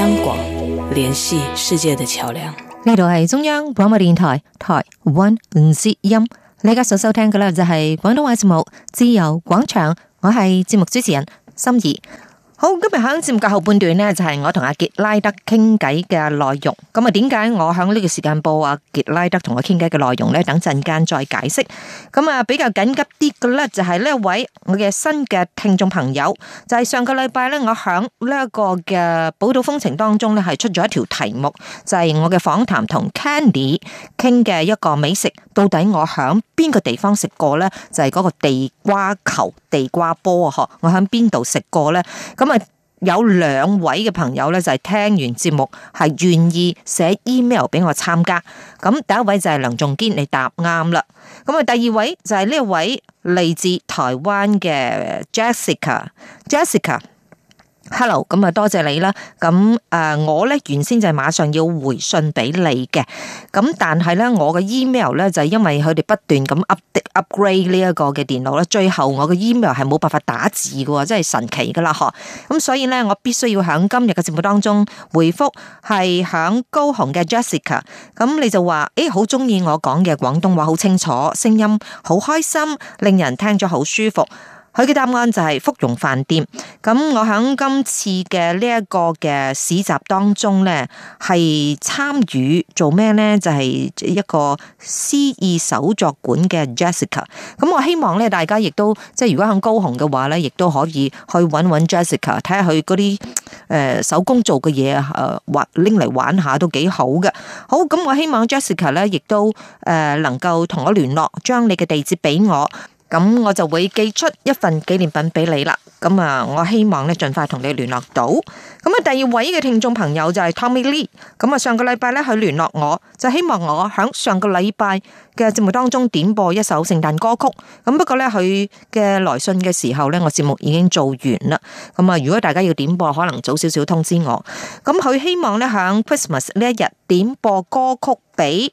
香港聯繫世界的橋梁，呢度係中央廣播電台台灣之音，你而家所收聽嘅咧就係、是、廣東話節目《自由廣場》，我係節目主持人心怡。好，今日響節目嘅後半段呢，就係我同阿傑拉德傾偈嘅內容。咁啊，點解我響呢個時間播阿傑拉德同我傾偈嘅內容呢？等陣間再解釋。咁啊，比較緊急啲嘅咧，就係呢一位我嘅新嘅聽眾朋友，就係上個禮拜呢，我響呢一個嘅寶島風情當中呢，係出咗一條題目，就係我嘅訪談同 Candy 傾嘅一個美食，到底我響邊個地方食過呢？就係嗰個地瓜球。地瓜波啊！呵，我喺邊度食過咧？咁啊，有兩位嘅朋友咧，就係聽完節目係願意寫 email 俾我參加。咁第一位就係梁仲堅，你答啱啦。咁啊，第二位就係呢位嚟自台灣嘅 Jessica，Jessica。Jessica, hello，咁啊多謝你啦，咁誒、呃、我咧原先就係馬上要回信俾你嘅，咁但係咧我嘅 email 咧就係、是、因為佢哋不斷咁 up upgrade 呢一個嘅電腦咧，最後我嘅 email 係冇辦法打字嘅，真係神奇噶啦呵，咁所以咧我必須要喺今日嘅節目當中回覆係響高雄嘅 Jessica，咁你就話誒好中意我講嘅廣東話好清楚，聲音好開心，令人聽咗好舒服。佢嘅答案就係福容飯店。咁我喺今次嘅呢一個嘅市集當中咧，係參與做咩咧？就係、是、一個詩意手作館嘅 Jessica。咁我希望咧，大家亦都即係如果喺高雄嘅話咧，亦都可以去搵搵 Jessica 睇下佢嗰啲誒手工做嘅嘢啊，誒玩拎嚟玩下都幾好嘅。好，咁我希望 Jessica 咧亦都誒能夠同我聯絡，將你嘅地址俾我。咁我就會寄出一份紀念品俾你啦。咁啊，我希望咧盡快同你聯絡到。咁啊，第二位嘅聽眾朋友就係 Tommy Lee。咁啊，上個禮拜咧佢聯絡我，就希望我響上個禮拜嘅節目當中點播一首聖誕歌曲。咁不過咧佢嘅來信嘅時候咧，我節目已經做完啦。咁啊，如果大家要點播，可能早少少通知我。咁佢希望咧響 Christmas 呢一日點播歌曲俾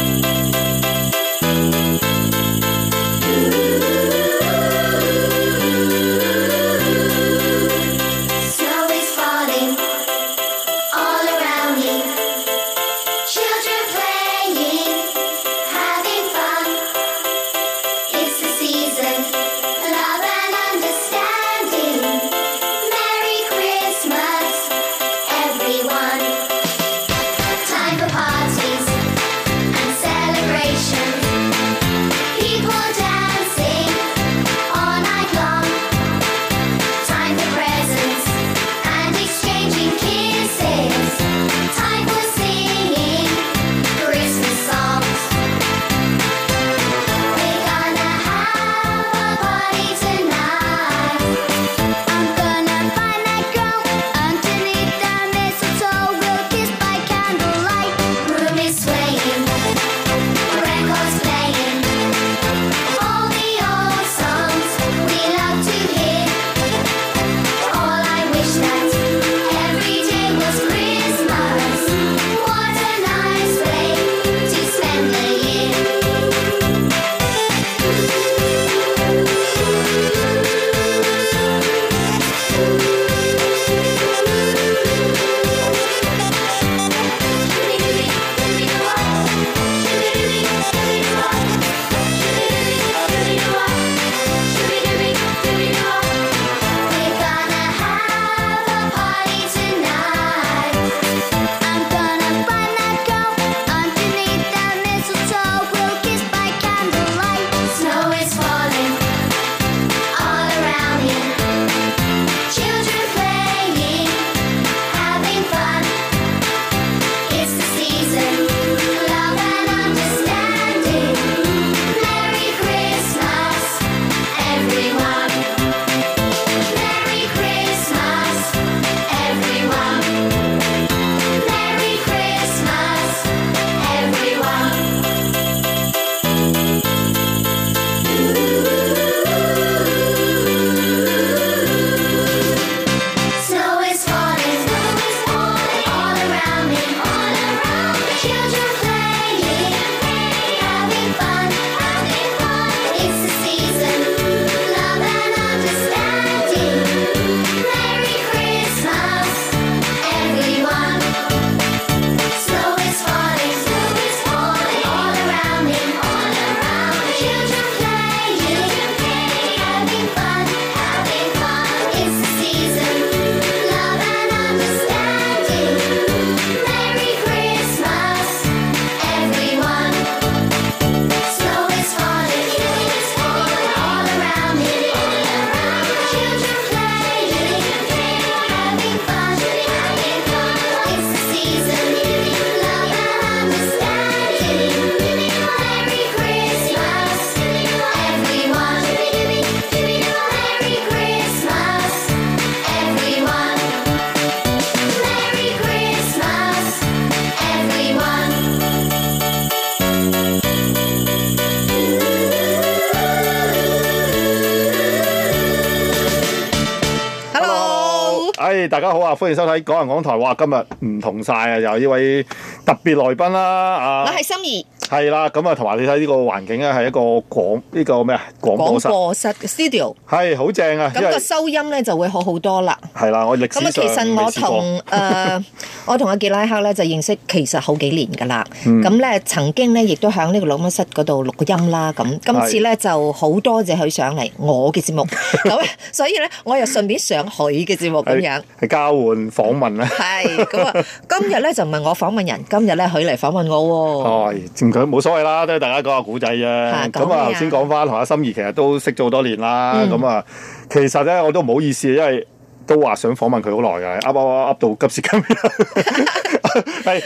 大家好啊！歡迎收睇《港人講台》。哇！今日唔同晒啊，又呢位特別來賓啦啊！我係心怡。係啦，咁啊，同埋你睇呢個環境咧，係一個廣呢個咩啊，廣播室嘅 studio。係好正啊！咁個收音咧就會好好多啦。係啦，我歷史上未試過。咁啊，其實我同誒我同阿傑拉德咧就認識其實好幾年噶啦。咁咧曾經咧亦都喺呢個錄音室嗰度錄過音啦。咁今次咧就好多謝佢上嚟我嘅節目。咁所以咧我又順便上佢嘅節目咁樣，係交換訪問啦。係咁啊，今日咧就唔係我訪問人，今日咧佢嚟訪問我喎。冇所謂啦，都係大家講下古仔啫。咁啊，頭先講翻同阿心怡其實都識咗好多年啦。咁、嗯、啊，其實咧我都唔好意思，因為。都話想訪問佢好耐嘅，噏噏噏噏到急時急，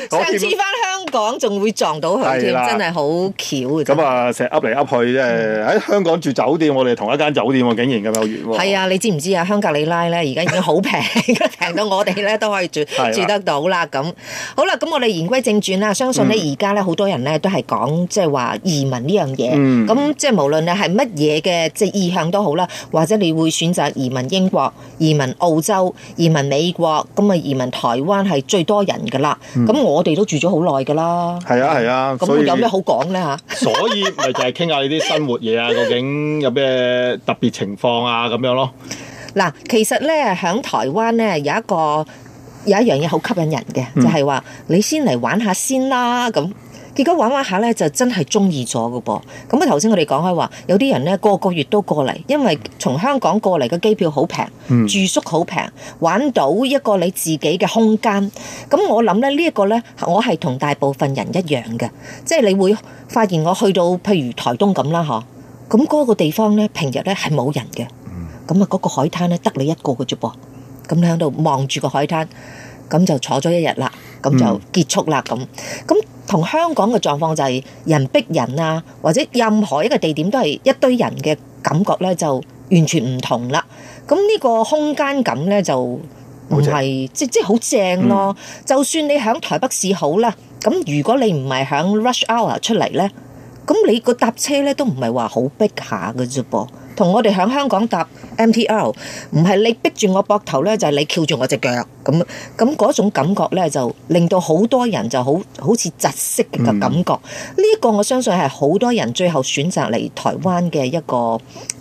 上次翻香港仲會撞到佢添，的真係好巧。咁啊、嗯，成日噏嚟噏去啫，喺、嗯嗯哎、香港住酒店，我哋同一間酒店喎，竟然咁有緣喎。係啊，你知唔知啊？香格里拉咧，而家已經好平，平 到我哋咧都可以住的住得到啦。咁好啦，咁我哋言歸正傳啦。相信咧而家咧好多人咧都係講即係話移民呢樣嘢。咁、嗯嗯、即係無論你係乜嘢嘅即係意向都好啦，或者你會選擇移民英國、移民澳澳洲、移民美國，咁啊移民台灣係最多人噶啦，咁我哋都住咗好耐噶啦。係啊，係啊，咁有咩好講咧吓？所以咪就係傾下你啲生活嘢啊，究竟有咩特別情況啊咁樣咯？嗱，其實咧喺台灣咧有一個有一樣嘢好吸引人嘅，就係話你先嚟玩下先啦咁。結果玩玩下咧，就真係中意咗嘅噃。咁啊，頭先我哋講開話，有啲人咧個個月都過嚟，因為從香港過嚟嘅機票好平，嗯、住宿好平，玩到一個你自己嘅空間。咁我諗咧呢一個咧，我係同大部分人一樣嘅，即係你會發現我去到譬如台東咁啦嗬，咁、那、嗰個地方咧平日咧係冇人嘅，咁啊嗰個海灘咧得你一個嘅啫噃，咁你喺度望住個海灘。咁就坐咗一日啦，咁就結束啦。咁咁同香港嘅狀況就係人逼人啊，或者任何一個地點都係一堆人嘅感覺咧，就完全唔同啦。咁呢個空間感咧就唔係即即係好正咯。正啊嗯、就算你喺台北市好啦，咁如果你唔係喺 rush hour 出嚟咧，咁你個搭車咧都唔係話好逼下㗎啫噃。同我哋喺香港搭 MTR，唔係你逼住我膊頭呢，就係、是、你翹住我隻腳咁，咁嗰種感覺呢，就令到好多人就好好似窒息嘅感覺。呢一、嗯、個我相信係好多人最後選擇嚟台灣嘅一個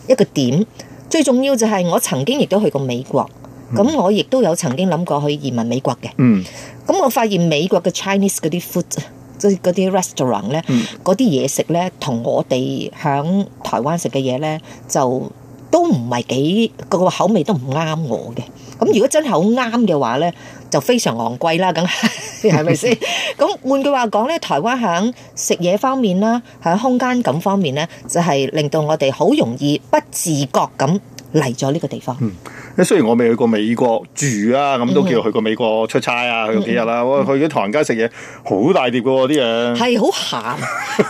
一個點。最重要就係我曾經亦都去過美國，咁我亦都有曾經諗過去移民美國嘅。嗯，咁我發現美國嘅 Chinese 嗰啲 food。嗰啲 restaurant 咧，嗰啲嘢食咧，同我哋響台灣食嘅嘢咧，就都唔係幾，個個口味都唔啱我嘅。咁如果真係好啱嘅話咧，就非常昂貴啦，梗係係咪先？咁 換句話講咧，台灣喺食嘢方面啦，喺空間感方面咧，就係令到我哋好容易不自覺咁嚟咗呢個地方。 誒，雖然我未去過美國住啊，咁都叫去過美國出差啊，mm hmm. 去咗幾日啦、啊。Mm hmm. 我去咗唐人街食嘢，好大碟喎啲嘢。係好鹹，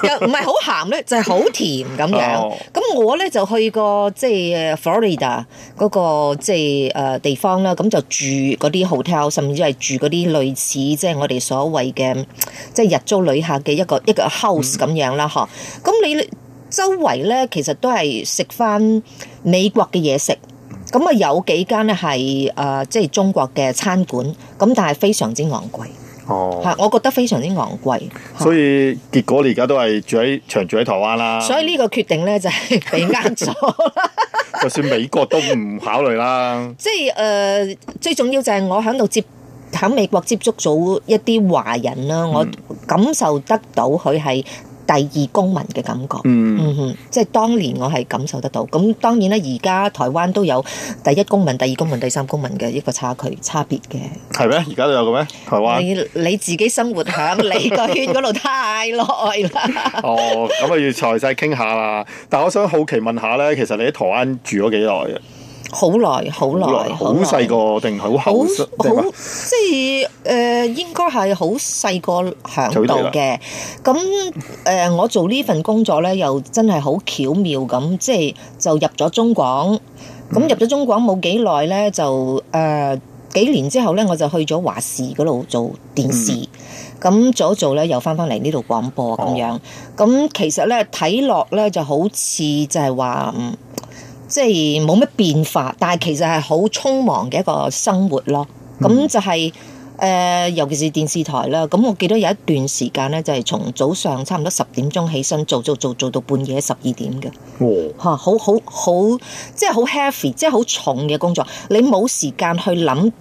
又唔係好鹹咧，就係、是、好甜咁樣。咁、oh. 我咧就去過即係、就是、Florida 嗰、那個即係誒地方啦。咁就住嗰啲 hotel，甚至係住嗰啲類似即係、就是、我哋所謂嘅即係日租旅客嘅一個一個 house 咁、mm hmm. 樣啦、啊，吓，咁你周圍咧其實都係食翻美國嘅嘢食。咁啊、嗯，有幾間咧係誒，即係中國嘅餐館，咁但係非常之昂貴。哦，係，我覺得非常之昂貴。所以結果你而家都係住喺長住喺台灣啦。所以呢個決定咧就係、是、俾呃咗。就算美國都唔考慮啦。即係誒、呃，最重要就係我喺度接喺美國接觸咗一啲華人啦，嗯、我感受得到佢係第二公民嘅感覺，嗯嗯，嗯，即係當年我係感受得到。咁當然咧，而家台灣都有第一公民、第二公民、第三公民嘅一個差距差別嘅。係咩？而家都有嘅咩？台灣，你你自己生活喺 你個圈嗰度太耐啦。哦，咁啊要詳細傾下啦。 但係我想好奇問下咧，其實你喺台灣住咗幾耐嘅？好耐，好耐，好耐。好細個定好後生，即係誒、呃，應該係好細個響度嘅。咁誒、呃，我做呢份工作咧，又真係好巧妙咁，即係就入咗中廣，咁、嗯、入咗中廣冇幾耐咧，就誒、呃、幾年之後咧，我就去咗華視嗰度做電視。咁咗、嗯、做咧，又翻翻嚟呢度廣播咁樣。咁、哦、其實咧睇落咧，就好似就係話嗯。即係冇乜變化，但係其實係好匆忙嘅一個生活咯。咁就係、是、誒、嗯呃，尤其是電視台啦。咁我記得有一段時間呢，就係、是、從早上差唔多十點鐘起身做做做做到半夜十二點嘅。嚇、哦啊，好好好，即係好 heavy，即係好重嘅工作。你冇時間去諗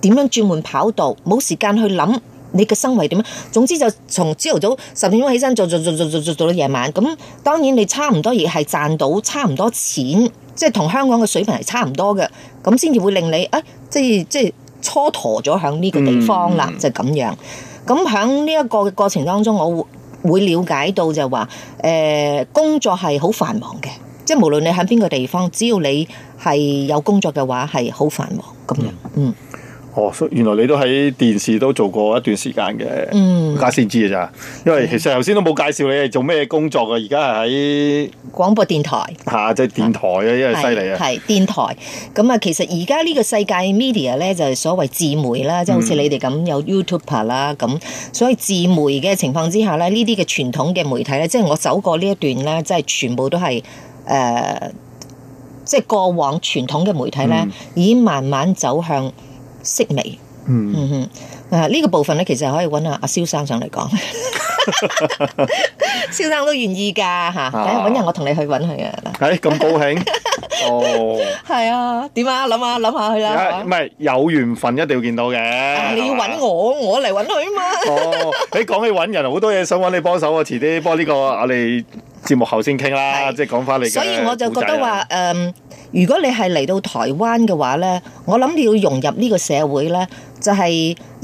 點樣轉換跑道，冇時間去諗。你嘅生活點樣？總之就從朝頭早十點鐘起身做做做做做到夜晚，咁當然你差唔多亦係賺到差唔多錢，即係同香港嘅水平係差唔多嘅，咁先至會令你啊，即係即係蹉跎咗喺呢個地方啦，就係咁樣。咁喺呢一個嘅過程當中，我會會瞭解到就係話誒工作係好繁忙嘅，即係無論你喺邊個地方，只要你係有工作嘅話係好繁忙咁樣，嗯。哦，原來你都喺電視都做過一段時間嘅，嗯，家先知嘅咋？因為其實頭先都冇介紹你係做咩工作嘅，而家係喺廣播電台，吓即係電台啊，因為犀利啊，係電台。咁啊，其實而家呢個世界 media 咧，就係所謂自媒啦，即係好似你哋咁有 YouTuber 啦咁，嗯。所以自媒嘅情況之下咧，呢啲嘅傳統嘅媒體咧，即係我走過呢一段咧，即係全部都係誒，即係，呃，過往傳統嘅媒體咧，嗯，已經慢慢走向。識眉，嗯嗯嗯，啊呢個部分咧，其實可以揾阿阿蕭生上嚟講，蕭生都願意噶吓，搵人我同你去揾佢啊，係咁高興，哦，係啊，點啊，諗下諗下去啦，唔係有緣分一定要見到嘅，你要揾我，我嚟揾佢啊嘛，哦，你講起揾人，好多嘢想揾你幫手啊，遲啲幫呢個阿你。節目後先傾啦，即係講翻你。所以我就覺得話誒、呃，如果你係嚟到台灣嘅話咧，我諗你要融入呢個社會咧，就係、是、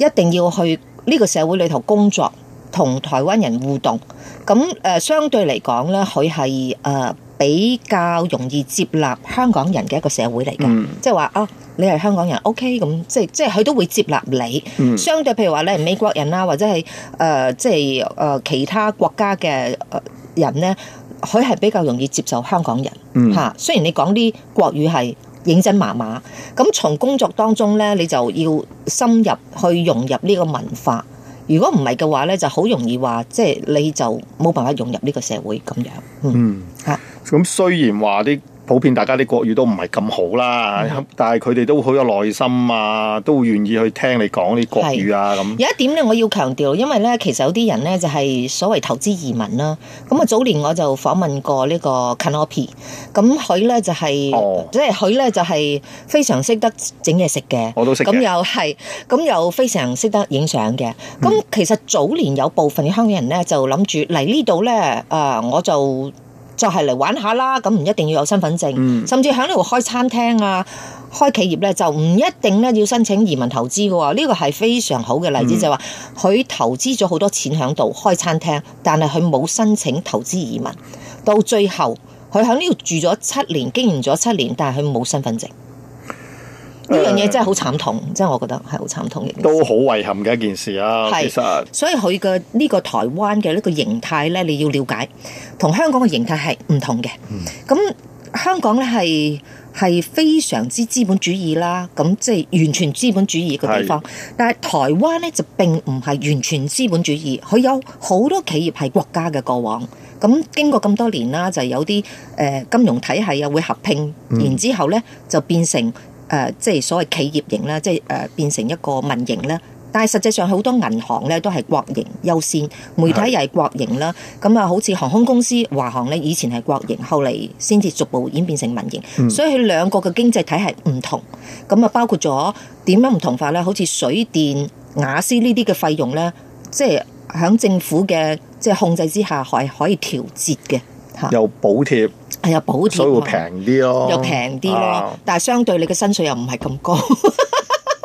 一定要去呢個社會裏頭工作，同台灣人互動。咁誒、呃，相對嚟講咧，佢係誒比較容易接納香港人嘅一個社會嚟嘅，即係話啊，你係香港人，OK，咁即係即係佢都會接納你。Mm. 相對譬如話咧，美國人啦，或者係誒、呃、即係誒、呃、其他國家嘅誒。人呢，佢係比較容易接受香港人吓、嗯啊。雖然你講啲國語係認真麻麻，咁從工作當中呢，你就要深入去融入呢個文化。如果唔係嘅話呢，就好容易話，即係你就冇辦法融入呢個社會咁樣。嗯，吓、嗯。咁、啊、雖然話啲。普遍大家啲國語都唔係咁好啦，嗯、但係佢哋都好有耐心啊，都願意去聽你講啲國語啊咁。是那有一點咧，我要強調，因為咧其實有啲人咧就係、是、所謂投資移民啦、啊。咁啊早年我就訪問過呢個 Kenopi 咁佢咧就係、是，哦、即係佢咧就係非常識得整嘢食嘅，我都識。咁又係，咁又非常識得影相嘅。咁、嗯、其實早年有部分嘅香港人咧就諗住嚟呢度咧，誒、呃、我就。就係嚟玩下啦，咁唔一定要有身份證，嗯、甚至喺呢度開餐廳啊、開企業呢，就唔一定咧要申請移民投資嘅喎、啊。呢個係非常好嘅例子，嗯、就係話佢投資咗好多錢喺度開餐廳，但係佢冇申請投資移民，到最後佢喺呢度住咗七年，經營咗七年，但係佢冇身份證。呢樣嘢真係好慘痛，真係我覺得係好慘痛嘅。都好遺憾嘅一件事啊，是其實。所以佢嘅呢個台灣嘅呢個形態呢，你要了解，同香港嘅形態係唔同嘅。咁、嗯、香港呢係係非常之資本主義啦，咁即係完全資本主義嘅地方。是但係台灣呢，就並唔係完全資本主義，佢有好多企業係國家嘅過往。咁經過咁多年啦、啊，就有啲誒、呃、金融體系又會合併，嗯、然之後呢，後呢就變成。誒、呃，即係所謂企業型啦，即係、呃、誒變成一個民營啦。但係實際上好多銀行咧都係國營優先，媒體又係國營啦。咁啊的，好似航空公司華航咧，以前係國營，後嚟先至逐步演變成民營。嗯、所以佢兩個嘅經濟體系唔同。咁啊，包括咗點樣唔同法咧？好似水電、瓦斯呢啲嘅費用咧，即係喺政府嘅即係控制之下係可以調節嘅。又補貼，啊補貼啊、所以會平啲咯，又平啲咯，啊、但係相對你嘅薪水又唔係咁高。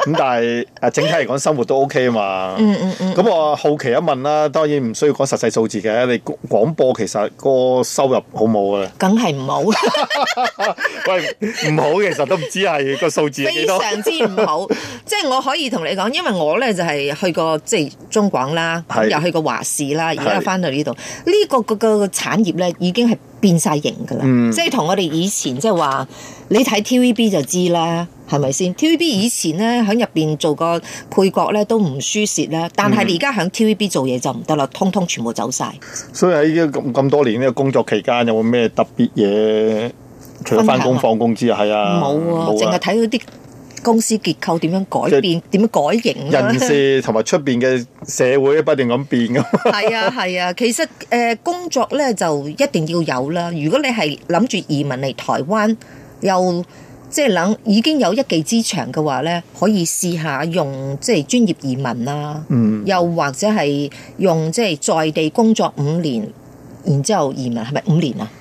咁但係誒整體嚟講生活都 OK 啊嘛，嗯嗯嗯。咁、嗯嗯、我好奇一問啦，當然唔需要講實際數字嘅，你廣播其實個收入好冇嘅？梗係唔好啦 喂，唔好其實都唔知係個數字非常之唔好。即係 我可以同你講，因為我咧就係去過即係、即係、中廣啦，是又去過華視啦，而家翻到呢度，呢是、呢個個、呢個產業咧已經係變晒形㗎啦，即係同我哋以前即係話，你睇 TVB 就知啦。係咪先？TVB 以前咧喺入邊做個配角咧都唔輸蝕啦，但係你而家喺 TVB 做嘢就唔得啦，通通全部走晒。所以喺咁咁多年咧，工作期間有冇咩特別嘢？除咗翻工放工之外啊，係啊，冇啊，淨係睇到啲公司結構點樣改變，點樣改型。人事同埋出邊嘅社會不斷咁變噶嘛。係啊係啊，其實誒工作咧就一定要有啦。如果你係諗住移民嚟台灣又。即係諗，已經有一技之長嘅話咧，可以試下用，即係專業移民啦，嗯、又或者係用即係在地工作五年，然之後移民係咪五年啊？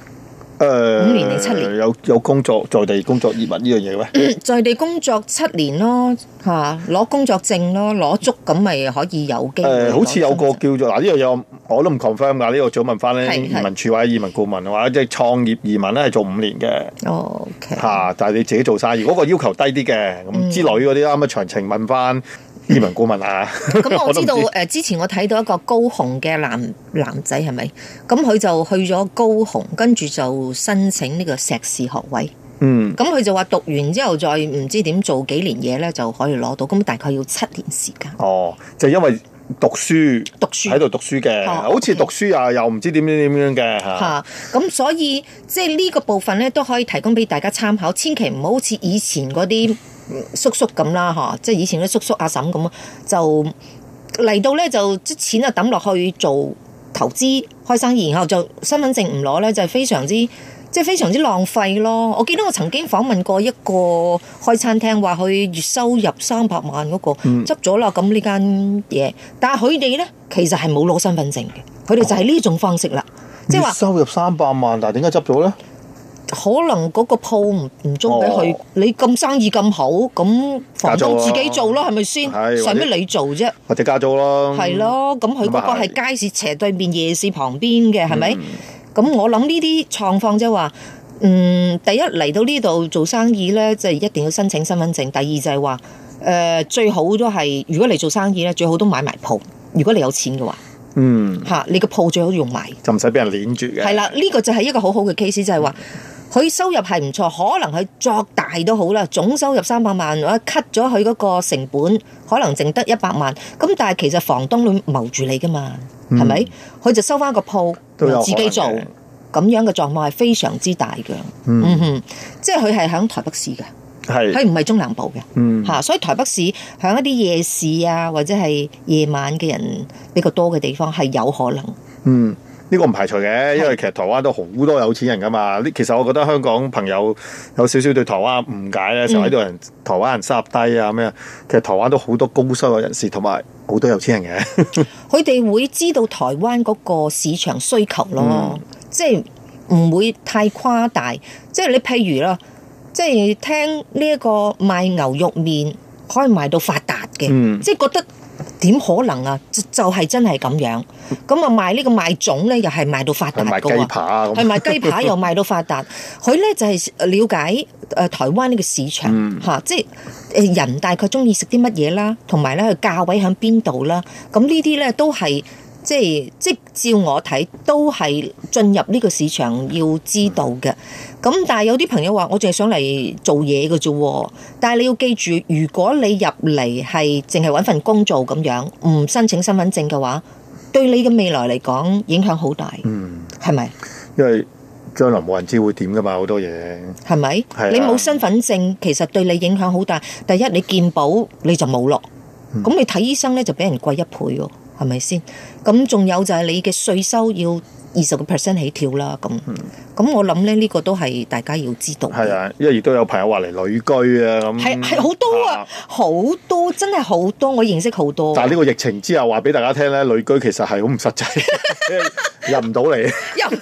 五年定七年？誒有有工作在地工作移民呢樣嘢咩？在地工作七年咯，嚇、啊、攞工作證咯，攞足咁咪可以有機會。呃、好似有個叫做嗱，呢、 啊呢樣嘢，我都唔 confirm 㗎，這個、呢個早問翻咧移民處或者移民顧問或者即係創業移民咧係做五年嘅。哦，OK 嚇、啊，但係你自己做生意，如、那、果個要求低啲嘅咁之類嗰啲，啱啱詳情問翻。移民顧問啊！咁 我， 我知道，誒、呃、之前我睇到一個高雄嘅男男仔，係咪？咁佢就去咗高雄，跟住就申請呢個碩士學位。嗯，咁佢就話讀完之後再唔知點做幾年嘢咧，就可以攞到。咁大概要七年時間。哦，就因為讀書，讀書喺度讀書嘅，好似讀書啊，又唔知點點點樣嘅嚇。咁、哦 okay. 嗯、所以即係呢個部分咧，都可以提供俾大家參考。千祈唔好好似以前嗰啲。叔叔咁啦，嗬，即係以前啲叔叔阿嬸咁，就嚟到呢，就啲錢啊抌落去做投資開生意，然後就身份證唔攞呢，就係非常之即係非常之浪費咯。我記得我曾經訪問過一個開餐廳，話佢月收入三百萬嗰個，執咗啦，咁呢間嘢，但係佢哋呢，其實係冇攞身份證嘅，佢哋就係呢種方式啦，哦、即係話收入三百萬，但係點解執咗呢？可能嗰個鋪唔唔租俾佢。哦、你咁生意咁好，咁房東自己做咯，係咪先？使乜你做啫？或者，或者加租咯。係、嗯、咯，咁佢嗰個係街市斜對面夜市旁邊嘅，係咪？咁、嗯、我諗呢啲狀況即係話，嗯，第一嚟到呢度做生意咧，即係一定要申請身份證。第二就係話，誒、呃，最好都係如果嚟做生意咧，最好都買埋鋪。如果你有錢嘅話，嗯，吓、啊、你個鋪最好用埋，就唔使俾人鏈住嘅。係啦，呢個就係一個好好嘅 case，就係話。佢收入係唔錯，可能佢作大都好啦。總收入三百萬，或者，cut 咗佢嗰個成本，可能淨得一百萬。咁但係其實房東會謀住你噶嘛，係咪、嗯？佢就收翻個鋪，自己做咁樣嘅狀況係非常之大嘅。嗯哼、嗯，即係佢係喺台北市㗎，係佢唔係中南部嘅。嗯，嚇、啊，所以台北市喺一啲夜市啊，或者係夜晚嘅人比較多嘅地方係有可能。嗯。呢個唔排除嘅，因為其實台灣都好多有錢人㗎嘛。呢其實我覺得香港朋友有少少對台灣誤解咧，成日喺度人台灣人收入低啊咩？其實台灣都好多高收入人士，同埋好多有錢人嘅。佢 哋會知道台灣嗰個市場需求咯，嗯、即係唔會太誇大。即係你譬如啦，即係聽呢一個賣牛肉麵可以賣到發達嘅，嗯、即係覺得。點可能啊？就係、是、真係咁樣，咁啊賣呢個賣種咧，又係賣到發達噶喎。賣雞排啊，咁賣雞排又賣到發達。佢咧 就係、是、了解誒、呃、台灣呢個市場嚇、嗯啊，即係人大概中意食啲乜嘢啦，同埋咧個價位響邊度啦。咁呢啲咧都係。即係，即照我睇，都係進入呢個市場要知道嘅。咁、嗯、但係有啲朋友話，我淨係想嚟做嘢嘅啫。但係你要記住，如果你入嚟係淨係揾份工做咁樣，唔申請身份證嘅話，對你嘅未來嚟講影響好大。嗯，係咪吧？因為將來冇人知會點噶嘛，好多嘢。係咪吧？啊、你冇身份證，其實對你影響好大。第一，你健保你就冇咯。咁、嗯、你睇醫生呢就俾人貴一倍喎。係咪先？咁仲有就係你嘅稅收要二十個 percent 起跳啦。咁咁我諗咧，呢、呢個都係大家要知道。係啊，因為亦都有朋友話嚟旅居啊。咁係係好多啊，好、啊、多真係好多，我認識好多、啊。但係呢個疫情之後話俾大家聽咧，旅居其實係好唔實際， 入唔到嚟。入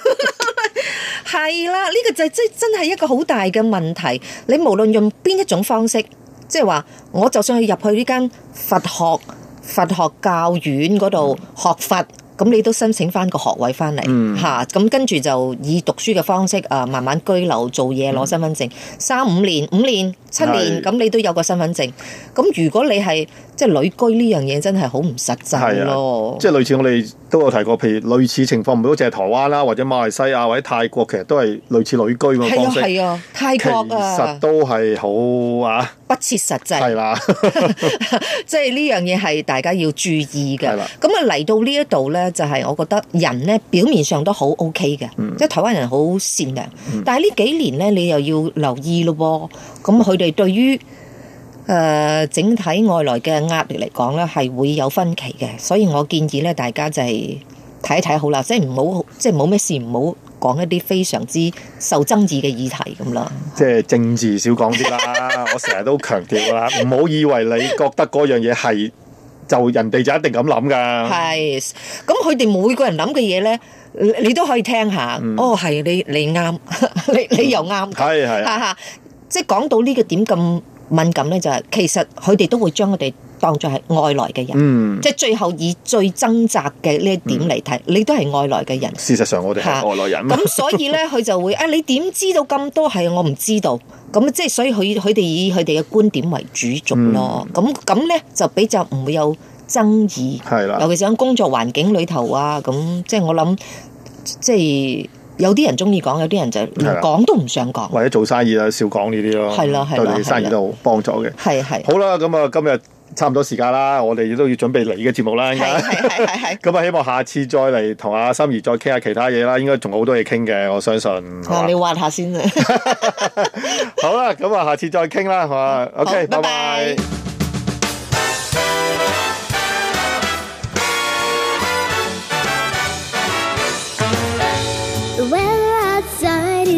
係啦，呢、呢個就係、真真係一個好大嘅問題。你無論用邊一種方式，即係話我就算去入去呢間佛學。佛學教院嗰度學佛，咁你都申請翻個學位翻嚟吓，咁、嗯啊、跟住就以讀書嘅方式啊，慢慢居留做嘢攞身份證，三五、嗯、年、五年、七年，咁是你都有個身份證。咁如果你係即係旅居呢樣嘢，真係好唔實際咯。即係、啊就是、類似我哋都有提過，譬如類似情況，唔好似係台灣啦、啊，或者馬來西亞或者泰國，其實都係類似旅居咁嘅方式。係啊係啊，泰國啊，其實都係好啊。不切實際是的，係啦，即係呢樣嘢係大家要注意嘅。咁啊嚟到呢一度呢，就係、是、我覺得人呢表面上都好 OK 嘅，即係、嗯、台灣人好善良。嗯、但係呢幾年呢，你又要留意咯噃。咁佢哋對於誒、呃、整體外來嘅壓力嚟講呢，係會有分歧嘅。所以我建議呢，大家就係睇一睇好啦，即係唔好，即係冇咩事唔好。講一啲非常之受爭議嘅議題咁啦，即係政治少講啲啦。 我成日都強調啦，唔好以為你覺得嗰樣嘢係就人哋就一定咁諗噶。係，咁佢哋每個人諗嘅嘢咧，你都可以聽下。嗯、哦，係你你啱，你你又啱，係 係，嗯、 即係講到呢個點咁。敏感咧就係、是，其實佢哋都會將我哋當作係外來嘅人，嗯、即係最後以最掙扎嘅呢一點嚟睇，嗯、你都係外來嘅人。事實上我哋係外來人。咁所以咧，佢 就會啊、哎，你點知道咁多係我唔知道，咁即係所以佢佢哋以佢哋嘅觀點為主軸咯。咁咁咧就比較唔會有爭議，的尤其是喺工作環境裏頭啊，咁即係我諗即係。有啲人中意講，有啲人就連講都唔想講，或者的做生意啦，少講呢啲咯，對你生意都好幫助嘅。係係好啦，咁啊今日差唔多時間啦，我哋都要準備你嘅節目啦。係係係係，咁啊 希望下次再嚟同阿心怡再傾下其他嘢啦，應該仲好多嘢傾嘅，我相信。啊，吧你玩下先 好啦，咁啊下次再傾啦，係嘛。OK，拜拜。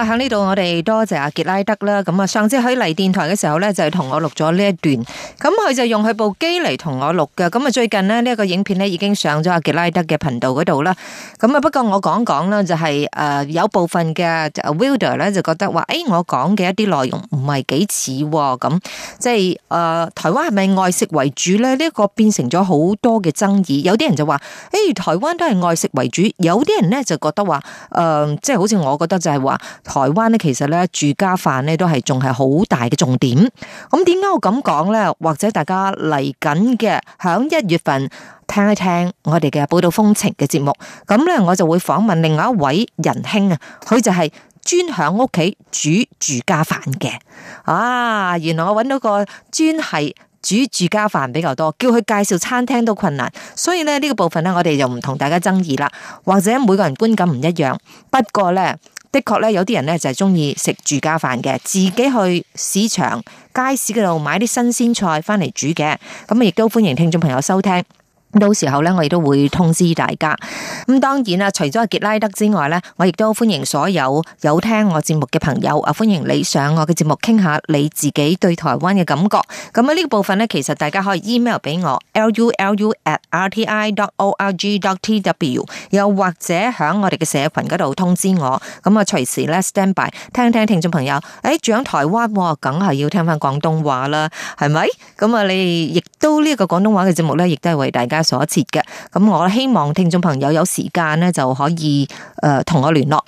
喺呢度我哋多謝阿杰拉德啦。咁啊，上次喺嚟電台嘅時候咧，就同我錄咗呢一段。咁佢就用佢部機嚟同我錄嘅。咁啊，最近呢，呢一個影片咧已經上咗阿杰拉德嘅頻道嗰度啦。咁啊，不過我講講啦，就係誒有部分嘅 Wilder 咧就覺得話，誒、哎、我講嘅一啲內容唔係幾似咁，即係誒、呃、台灣係咪外食為主咧？呢、這個變成咗好多嘅爭議。有啲人就話，誒、哎、台灣都係外食為主。有啲人咧就覺得話，誒、呃、即係好似我覺得就係話。台灣咧，其實咧住家飯咧都係仲係好大嘅重點。咁點解我咁講咧？或者大家嚟緊嘅響一月份聽一聽我哋嘅《報道風情》嘅節目，咁咧我就會訪問另外一位仁兄啊，佢就係專響屋企煮住家飯嘅。啊，原來我揾到個專係煮住家飯比較多，叫佢介紹餐廳都困難。所以咧呢個部分咧，我哋就唔同大家爭議啦。或者每個人觀感唔一樣，不過咧。的確咧，有啲人咧就係鍾意食住家飯嘅，自己去市場、街市嗰度買啲新鮮菜返嚟煮嘅，咁亦都歡迎聽眾朋友收聽。到時候咧，我亦都會通知大家。咁當然啦，除咗阿杰拉德之外咧，我亦都歡迎所有有聽我節目嘅朋友。啊，歡迎你上我嘅節目，傾下你自己對台灣嘅感覺。咁、嗯、啊，呢、這個部分咧，其實大家可以 email 俾我、嗯、lulu@rti.org.tw 又或者響我哋嘅社群嗰度通知我。咁、嗯、啊，隨時咧 stand by，聽聽聽眾朋友。誒、哎，住響台灣，哇，梗係要聽翻廣東話啦，係咪？咁啊，你亦。都呢一個廣東話嘅節目咧，亦都係為大家所設嘅。咁我希望聽眾朋友有時間咧，就可以誒同我聯絡。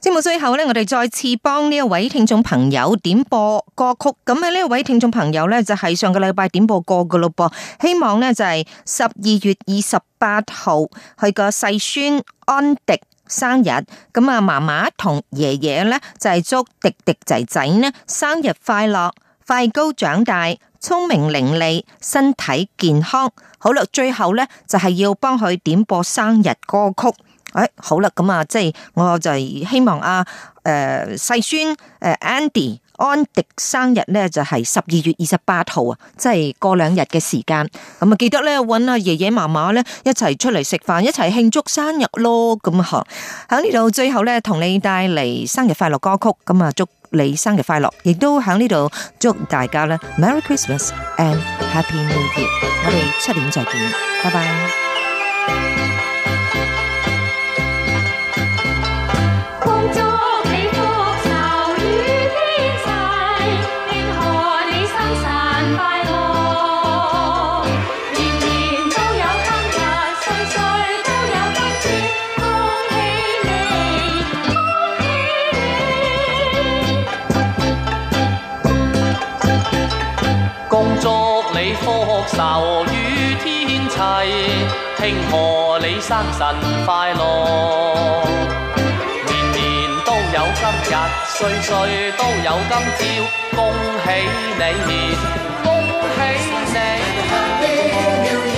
節目最後咧，我哋再次幫呢一位聽眾朋友點播歌曲。咁啊呢一位聽眾朋友咧，就係上個禮拜點播過噶咯噃。希望咧就係十二月二十八號佢個細孫安迪生日。咁啊，媽媽同爺爺咧就係祝迪迪仔仔咧生日快樂，快高長大。聰明伶俐，身體健康，好啦，最後呢，就係、是、要幫佢點播生日歌曲，哎、好啦，咁啊，即係我就希望啊，誒細孫誒 Andy。安迪生日咧，就係十二月二十八號啊，即係過兩日嘅時間，咁啊記得咧揾阿爺爺嫲嫲咧一齊出嚟食飯，一齊慶祝生日咯，咁嗬。喺呢度最後咧同你帶嚟生日快樂歌曲，咁啊祝你生日快樂，亦都喺呢度祝大家咧 Merry Christmas and Happy New Year。我哋七點再見，拜拜。慶賀你生辰快樂，年年都有今日，歲歲都有今朝，恭喜你，恭喜你！